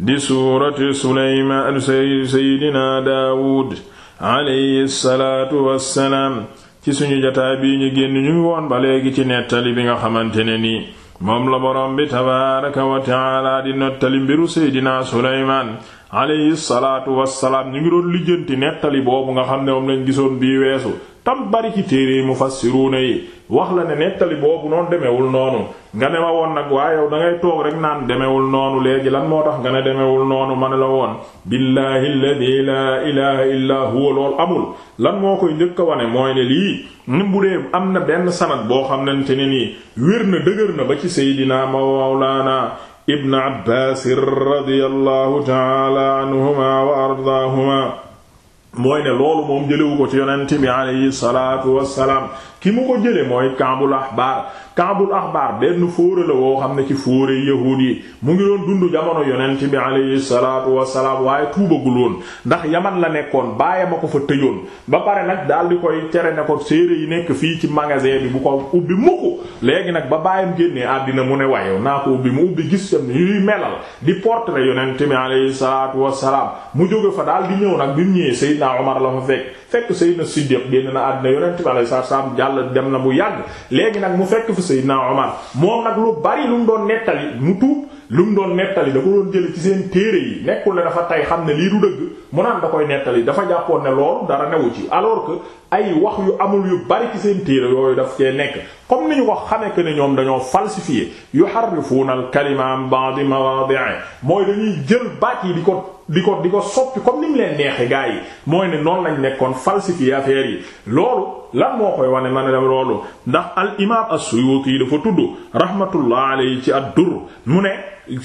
di suurati suleymaan seydina daawud alayhi salaatu wassalaam ci suñu jataay bii ñu génn ñu woon ba léegi ci nettali bi nga xamante ne nii moom la boroom bi tabaaraka wa taala di nettali mbiru seydina suleymaan alayhi salaatu wassalaam ñu ngi doon lijjanti nettali boobu nga xam ne moom lañ gisoon bii weesu tam bari ci téere mufassiruuna yi wax la ne nettali boobu noonu demewul noonu nga ne ma woon nag waaye yow da ngay toog rek naan demewul noonu léegi lan moo tax nga ne demewul noonu man la woon billahi alladi laa ilaha illaa huwa loolu amul lan moo koy njëkk a wane mooy ne lii nim bu am na benn sanad boo xam nante ne nii wér na dëgër na ba ci seydinaa mawlaana ibn abbaasir radiyallahu taala anhuma wa ardaahuma mooy ne loolu moom jëlewu ko ci yonent bi alayhi salaatu wassalaam ki mu ko jële mooy kaabul ahbaar kaabul axbaar benn fóore la woo xam ne ci fóore yahuud yi mu ngi doon dund jamono yonent bi alayhi salaatu wasalaam waaye tuubagul woon ndax yaman la nekkoon baayam a ko fa tëjoon ba pare nag daal di koy tere ne ko yi nekk fii ci magasin bi bu ko ubbi mukk léegi nag ba baayam génnee àddina mu ne wayow naa ko ubbi mu ubbi gis yam ñuy melal di portrait yonent bi alayhi salaatu wasalaam mu jóge fa daal di ñëw nag bi ñëwee Seydina Omar la fa fekk fekk Seydina Siddiq génn na àddina yonent bi alayhi salaatu wasalaam jàll dem na mu yàgg léegi nag mu fekk Seydina Omar moom nag lu bari lu mu doon nettali mu tuub lu mu doon nettali da ko doon jële ci seen téere yi nekkul ne dafa tey xam ne lii du dëgg mu naan da koy nettali dafa jàppoon ne loolu dara newu ci alors que ay wax yu amul yu bari ci seen téere yooyu daf cee nekk comme ni ñu ko xamee que ne ñoom dañoo falsifié yuharrifuuna al kalima an ba'di mawaadi'i mooy dañuy jël baat yi di ko di ko di ko soppi comme ni leen neexe gaa yi mooy ne noonu lañ nekkoon falsifier affaire yi loolu lan moo koy wane ma ne dem loolu ndax al imaam as-Suyuti dafa tudd rahmatullah alayhi ci ad-Durr mu ne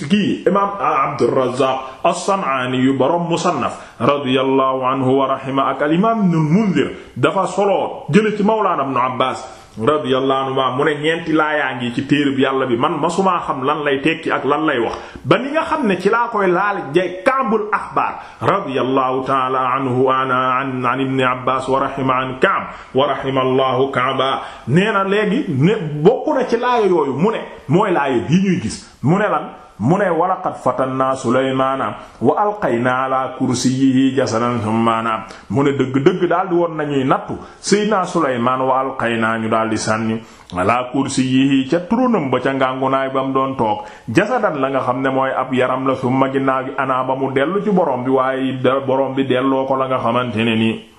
kii imaam Abdurrazzaq as-San'aani yu borom musannaf radiyallahu anhu wa rahima ak al imaam Ibnul Munzir dafa solo jële ci mawlaana Ibnu Abbaas radiyallahu anhu mu ne ñeenti laayaa ngi ci téereb yàlla bi man masumaa xam lan lay tekki ak lan lay wax ba ni nga xam ne ci laa koy laal jay kambul axbaar radiyallahu taala anhu ana an an ibni abbas wa rahima an kaab wa rahima allahu kaaba nee na léegi ne bokku na ci laaya yooyu mu ne mooy laaya bii ñuy gis mu ne lan mu ne walaqad fatanna sulaymaana wa laa ala kursiyihi jasadan thumma naam mu ne dëgg-dëgg daal di woon nañuy nattu sayyidina sulaymaan wa alqaynaa ñu daal di sànni ala kursiyihi ca turunam ba ca ngàngunaay ba mu doon toog jasadan la nga xam ne mooy ab yaram la thumma ginnaaw bi anaa ba mu dellu ci borom bi waaye boroom bi delloo ko la nga xamante ne nii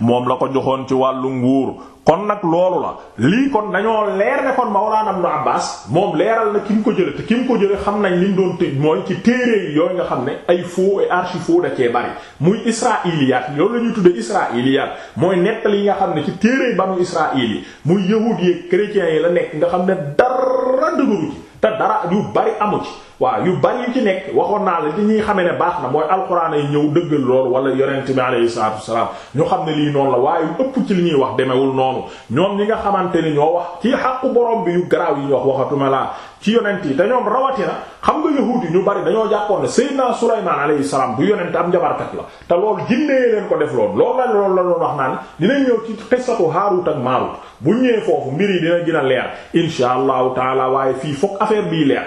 moom la ko joxoon ci wàllu nguur kon nag loolu la lii kon dañoo leer ne kon Mawlana Ibn Abbas moom leeral na ki mu ko jële te ki mu ko jële xam nañ li mu doon tëj mooy ci téere yi nga xam ne ay foo et archi faux da cee bari muy israiliyaat loolu la ñuy tudde israiliyaat mooy nettali yi nga xam ne ci téere yi ba mu israil yi muy yahuud yi chrétiens yi la nekk nga xam ne dara dëgëru ci te dara yu bari amu ci waaw yu bari yu ci nekk waxoon naa la li ñuy xamee ne baax na mooy alxuraan ay ñëw dëggal loolu wala yonent bi alayhi salaatu wasalaam ñu xam ne lii noonu la waaye yu ëpp ci li ñuy wax demewul noonu ñoom ñi nga xamante ni ñoo wax ci xàqu borom bi yu garaaw yi ñu wax waxatuma la ci yonent yi te ñoom rawatina xam nga yahuud yi ñu bari dañoo jàppoon ne Seydina Sulaymaan alayhi salaam du yonent am njabarkat la te loolu jinnee leen ko def loolu loolu la loolu la doon wax naan dinañ ñëw ci foofu mbir yi dina gën a leer insha allahu taala waaye fii fokk affaire bii leer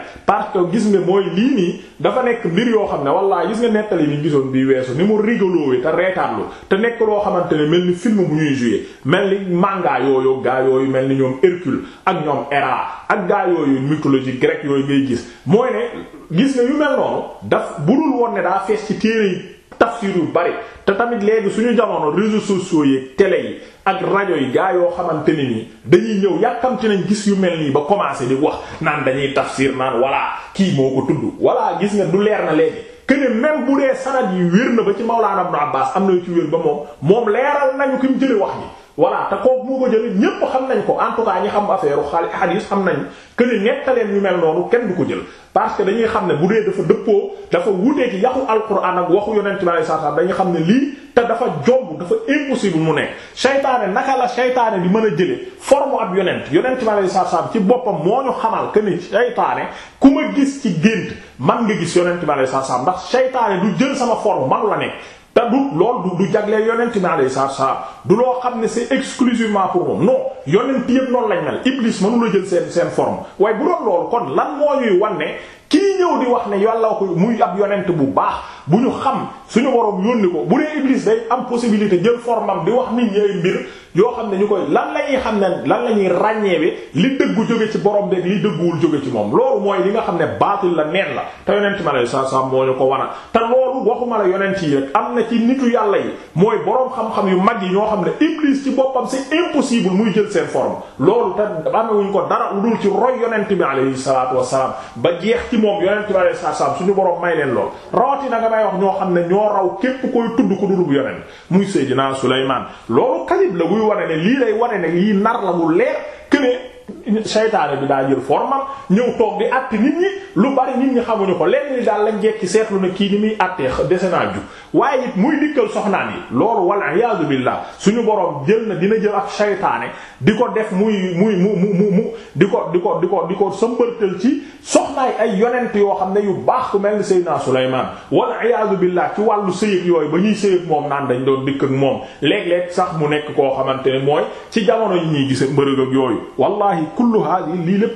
gisee mooy lii nii dafa nekk mbir yoo xam ne wallaahi gis nga nettali ni gisoon bi weesu ni mu rigaloowee te reetaatlu te nekk loo xamante ne mel ni film bu ñuy joué mel ni manga yooyu gaa yooyu mel ni ñoom Hercule ak ñoom Héra ak gaa yooyu mythologie grecque yooyu ngay gis mooy ne gis nga yu mel noonu daf budul woon ne daa fees ci téere yi tafsir yu bari te tamit léegi suñu jamono réseaux sociaux yi télé yi ak rajo yi gaa yoo xamante ne nii dañuy ñëw yàkkamti nañ gis yu mel nii ba commencé di wax naan dañuy tafsir naan voilà kii moo ko tudd voilà gis nga du leer na léegi. que ne même bu dee sanad yi wér na ba ci Mawlaana Ibnu Abbaas am na ci wér ba moom moom leeral nañu ki mu jëlee wax ji voilà te kooku moo ko jëlee ñépp xam nañ ko en tout cas ñi xam affaire xaalis xadiis xam nañ que ni nettaleen yu mel noonu kenn du ko jël parce que dañuy xam ne bu dee dafa dëppoo dafa wutee ci yàqu alquran ak waxu yonent bi alayhi salaam dañuy xam ne lii te dafa jomb dafa impossible mu nekk seytaane naka la seytaane di mën a jële forme ab yonent yonent bi alayhi salaam ci boppam moo ñu xamal que ni seytaane ku ma gis ci gént man nga gis yonent bi alayhi salaam ndax seytaane du jël sama forme man la nekk te du lool du jagleel yonent mi alayhi salaatu salaam du loo xam ne c'est exclusivement pour moom non yonent yëpp noonu lañ mel iblis mënu la jël seen seen form waaye bu doon loolu kon lan moo ñuy wan ne kii ñëw di wax ne yàlla ko muy ab yonent bu baax bu ñu xam suñu boroom yónni ko bu dee Iblis day am possibilité jël formam di wax nit ñi mbir yoo xam ne ñu koy lan la xam ne lan la ñuy ràññeewe li dëggu jóge ci borom beeg li dëgguwul jóge ci moom loolu mooy li nga xam ne baatil la neen la te yonent ma lay sa sa moo ñu ko wana te loolu waxuma la yonent yi rek am na ci nitu yàlla yi mooy boroom xam-xam yu mag yi ñoo xam ne Iblis ci boppam c'est impossible muy jël seen forme loolu te amewuñ ko dara dul ci roy yonent bi alayhi salaatu wassalaam ba ci moom yonent bi saa saa suñu borom may leen lool rawatina nga may wax ñoo xam ne ñoo raw képp koy tudd ko dulub yonent muy Seydina Sulaymaan loolu kalib la buy wane ne lii lay wane ne lii nar la mu leer këne seytaane bi daa jël formam ñëw toog di àtt nit ñi lu bari nit ñi xamuñu ko lenn li daal lañ jekki seetlu ne kii ni muy àttee dese naa ju waaye it muy dikkal soxnaan yi loolu walla iyaazu billaah suñu boroom jël na dina jël ak seytaane di ko def muy muy mu mu mu mu di ko di ko di ko di ko sëmbërtël ci soxnaay ay yonent yoo xam ne yu baax ku mel ni Seydina Sulaymaan walla iyaazu billaah ci wàllu sëyëg yooyu ba ñuy sëyëg moom naan dañ doon dikk ak moom léeg sax mu nekk koo xamante ne mooy ci jamono yi ñuy gis mbërëg yooyu wallahi kullu hadi lii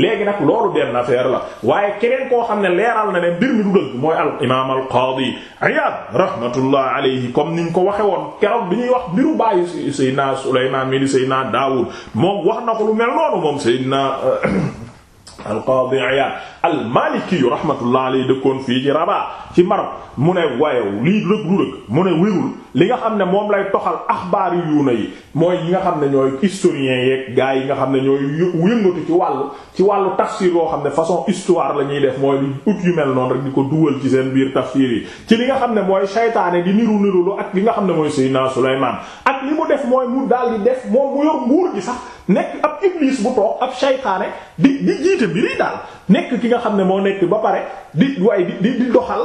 léegi nag loolu benn la waaye keneen koo xam ne leeral na ne mbir mi du dëgg mooy al imaam al qaadi Iyaad rahmatullah alayhi comme niñ ko waxe woon keroog bi ñuy wax mbiru bàyyi Seydina Sulaymaan mi di Seydina Daawud moom wax na ko lu mel noonu moom Seydina al-Qaadi Iyaad al-Maaliki rahmatullah alayhi dëkkoon fii ci Rabat ci Maroc mu ne wayew lii rëg du rëg mu ne wérul li nga xam ne moom lay toxal axbaar yu yuuna yi mooy yi nga xam ne ñooy historiens yeeg gars yi nga xam ne ñooy yëngatu ci wàllu ci wàllu tafsir yoo xam ne façon histoire la ñuy def mooy ut yu mel noonu rek di ko dugal ci seen biir tafsir yi ci li nga xam ne mooy saytaane di niru nirulu ak li nga xam ne mooy Seydina Sulaymaan ak li mu def mooy mu daal di def moom nekk ab iblis bu toog ab saytaane di di jiite mbiri daal nekk ki nga xam ne moo nekk ba pare di waaye di di doxal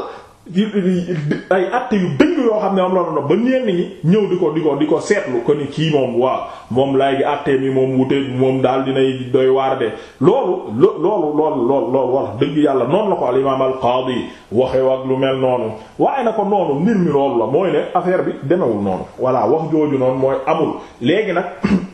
ay atte yu dëng yoo xam ne am loolu noonu ba ñenn ñi ñëw di ko di di ko seetlu ko ni kii moom waaw moom laay gi atte mi moom wute moom daal dinay doy waar de loolu lo loolu loolu loolu wax yàlla noonu la ko al imaam al qaadi waxe ak lu mel noonu waaye na ko noonu mbir mi loolu la mooy ne affaire bi demewul noonu voilà wax jooju léegi nag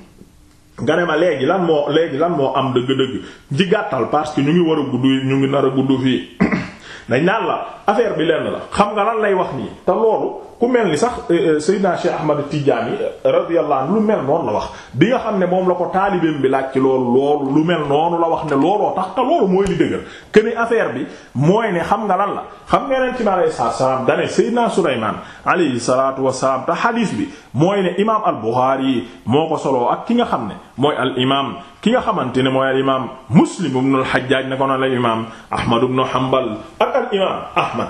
nga ne ma léegi lan moo léegi lan moo am dëgg-dëgg ci gàttal parce que ñu ngi war a gudd ñu ngi nar a gudd fii dañ naan la affaire bi lenn la xam nga lan lay wax nii te loolu ku mel ni sax euh, euh, Seydina Cheikh Ahmad Tidiane euh, radiyallahu lu mel noonu la wax bi nga xam ne moom la ko taalibeem bi laaj ci loolu loolu mel la wax ne looloo tax te loolu mooy li affaire bi mooy ne xam nga lan la xam nga leen ci ma alayhi salaam dane xadiis bi mooy ne imaam al moo ko solo ak ki nga xam ne mooy al ki nga xamante ne mooy al imaam Muslim ibn al Hajjaj ne ko noonu al imaam Ahmad ibn Hanbal ak al imaam Ahmad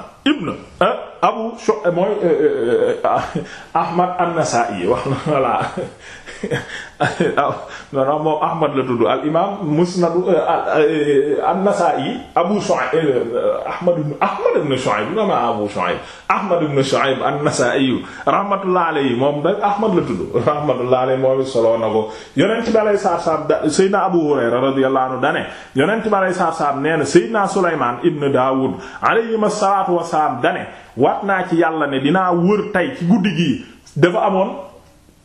ah, abu sho mooy euh, euh, euh, ahmad an-Nasa'i wax na voilà moom Ahmad la tudd al imaam musnadu euh, euh, an-Nasaa'i Abu Shu'ayb Ahmad euh, Ahmad ibn Shu'ayb non Abu Shu'ayb Ahmad ibn Shu'ayb an-Nasaa'i rahmatullahi alayhi moom da Ahmad la tudd rahmatullahi alayhi moom solo na ko yonent bi alayhi salaam da Seydina Abu Hurayra radiyallahu dane yonent bi alayhi salaam nee na Seydina Sulaymaan ibn Daawud alayhi salaatu wa salaam dane waat naa ci yàlla ne dinaa wër tey ci guddi gi dafa amoon.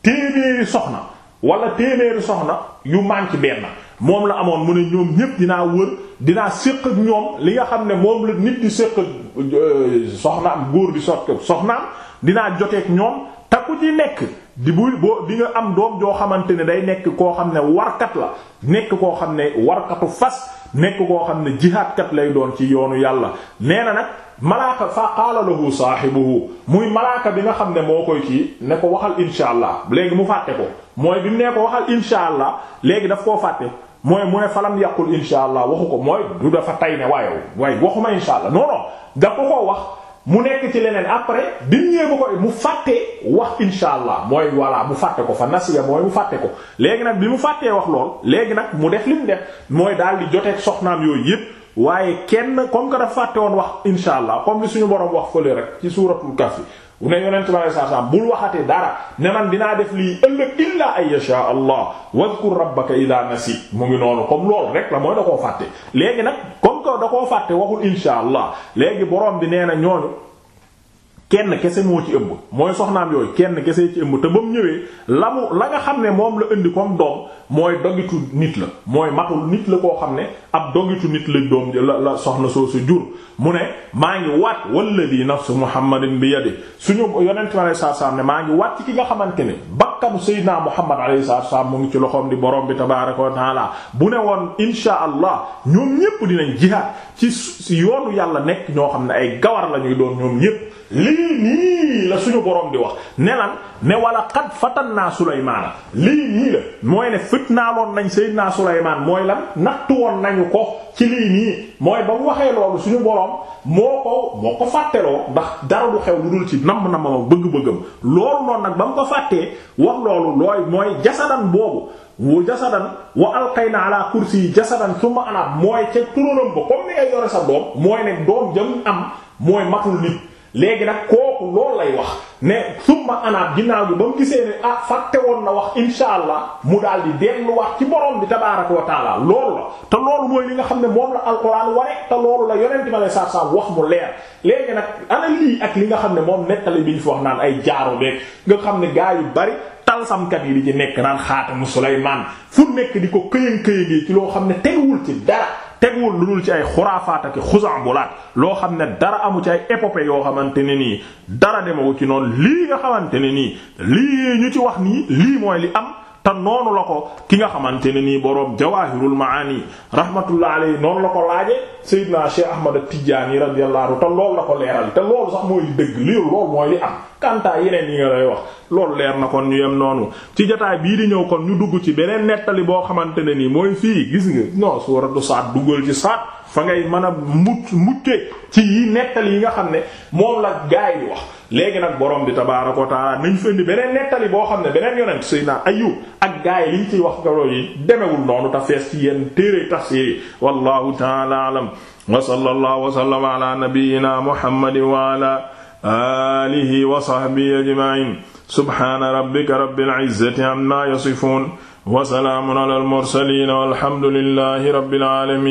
téeméeri soxna wala téeméeri soxna yu manqué benn moom la amoon mu ne ñoom ñépp dinaa wër dinaa séq ak ñoom li nga xam ne moom la nit di séq euh, am góor di sot soxnaam dinaa joteeg ñoom takku ku ci nekk di bu boo di nga am doom joo xamante ne day nekk koo xam ne warkat la nekk koo xam ne warkatu fas nekk koo xam ne jihaadkat lay doon ci yoonu yàlla nee na nag malaaka fa qaala lahu saahibuhu muy malaaka bi nga xam ne moo koy kii ne ko waxal insha allah léegi mu fàtte ko mooy bi mu nee ko waxal insha allah léegi daf koo fàtte mooy mu falam yàqul insha allah waxu ko mooy du dafa tay ne waaye waaye waxuma insha allah non non da ko koo wax mu nekk ci leneen après bi mu ñëwee ba koy mu fàtte wax insha allah mooy voilà mu fàtte ko fa nasiya mooy mu fàtte ko léegi nag bi mu fàttee wax lool léegi nag mu def li mu def mooy daal di joteeg soxnaam yooyu yépp waaye kenn comme que dafa fàtte woon wax insha allah comme li suñu borom wax fële rek ci suuratul kahf bu ne yonent bi saa saa bul waxatee dara ne man dinaa def lii ëllëg illaa ay yasha allah ba rabbaka idha nasi mu ngi noonu comme loolu rek la mooy da koo fàtte léegi nag comme que da koo fàtte waxul insha allah léegi boroom bi nee na ñooñu kenn kese moo ci ëmb mooy soxnaam yooyu kenn kese ci ëmb te ba mu ñëwee la mu la nga xam ne moom la indi koom doom mooy dogitu nit la mooy matul nit la koo xam ne ab dogitu nit la doom la la soxna soo su jur mu ne maa ngi waat walladi nafsu muhammadin bi yadi suñu yonent mi alayhi salaam ne maa ngi waat ci ki nga xamante ne bakkanu sayyidina muhammad alayhi salaam mu ngi ci loxoom di borom bi tabaaraka wa taala bu ne woon insha allah ñoom ñépp dinañ jihaad ci yoonu yàlla nekk ñoo xam ne ay gawar la ñuy doon ñoom ñépp lii nii la suñu borom di wax ne lan ne fatal naa fatanna Sulaymaana lii nii la mooy ne fitnaaloon nañ Seydina Sulaymaan mooy lan nattu woon nañu ko ci lii nii mooy ba mu waxee loolu suñu borom moo ko moo ko fàtteloo ndax dara du xew lu ci nam na ma bëgg-bëggam loolu nag ba mu ko fàttee wax loolu looy mooy jasadan boobu wa jasadan wa alqayna ala kursi jasadan summa anab mooy ca turónam ba comme ni ngay sa doom mooy ne doom jëm am mooy matul nit léegi nag kooku loolu lay wax ne summa anaab ginnaaw bi ba mu gisee ne ah fàtte woon na wax insha allah mu daal di dellu wax ci borom bi tabaaraka wa taala loolu la te loolu mooy li nga xam ne moom la alxuraan ware te loolu la yonent ma lay saab saab wax mu leer léegi nag ana lii ak li nga xam ne moom nettali bi ñu fi wax naan ay jaaro beek nga xam ne gaa yu bari talsamkat yi di ci nekk naan xaatamu Sulaymaan fu nekk di ko këyën këyëngee ci loo xam ne teguwul ci dara teguwul lu dul ci ay xuraafaat ak xusaambulaat loo xam ne dara amu ci ay épopée yoo xamante ne nii dara deme ko ci noonu lii nga xamante ne nii lii ñu ci wax nii lii mooy li am te noonu la ko ki nga xamante ne nii boroom jawaahirul maani rahmatullah alayhi noonu la ko laaje Seydina Cheikh Ahmad Tidiane radiyallahu anhu te loolu la ko leeral te loolu sax mooy dëgg li loolu mooy li am kantaa yeneen yi nga lay wax loolu leer na kon ñu yem noonu ci jotaay bii di ñëw kon ñu dugg ci beneen nettali boo xamante ne nii mooy fii gis nga non suuratu Saad duggal ci Saad fa ngay mën a mucc mucce ci yi nettali yi nga xam ne moom la gaay yi wax léegi nag borom bi tabaaraka wa taala nañ fëndi beneen nettali boo xam ne beneen yonent Seydina Ayyub ak gaay yi liñ ciy wax garo yi demewul noonu ta fees ci yenn téere tafsiir wallahu taala alam wa sallallahu wa sallama ala nabiyyina muhammadin wa ala alihi wa sahbihi ajma'in subhana rabbika rabbil izzati amma yasifun wa salaamun ala al mursalin walhamdulillahi rabbil alamin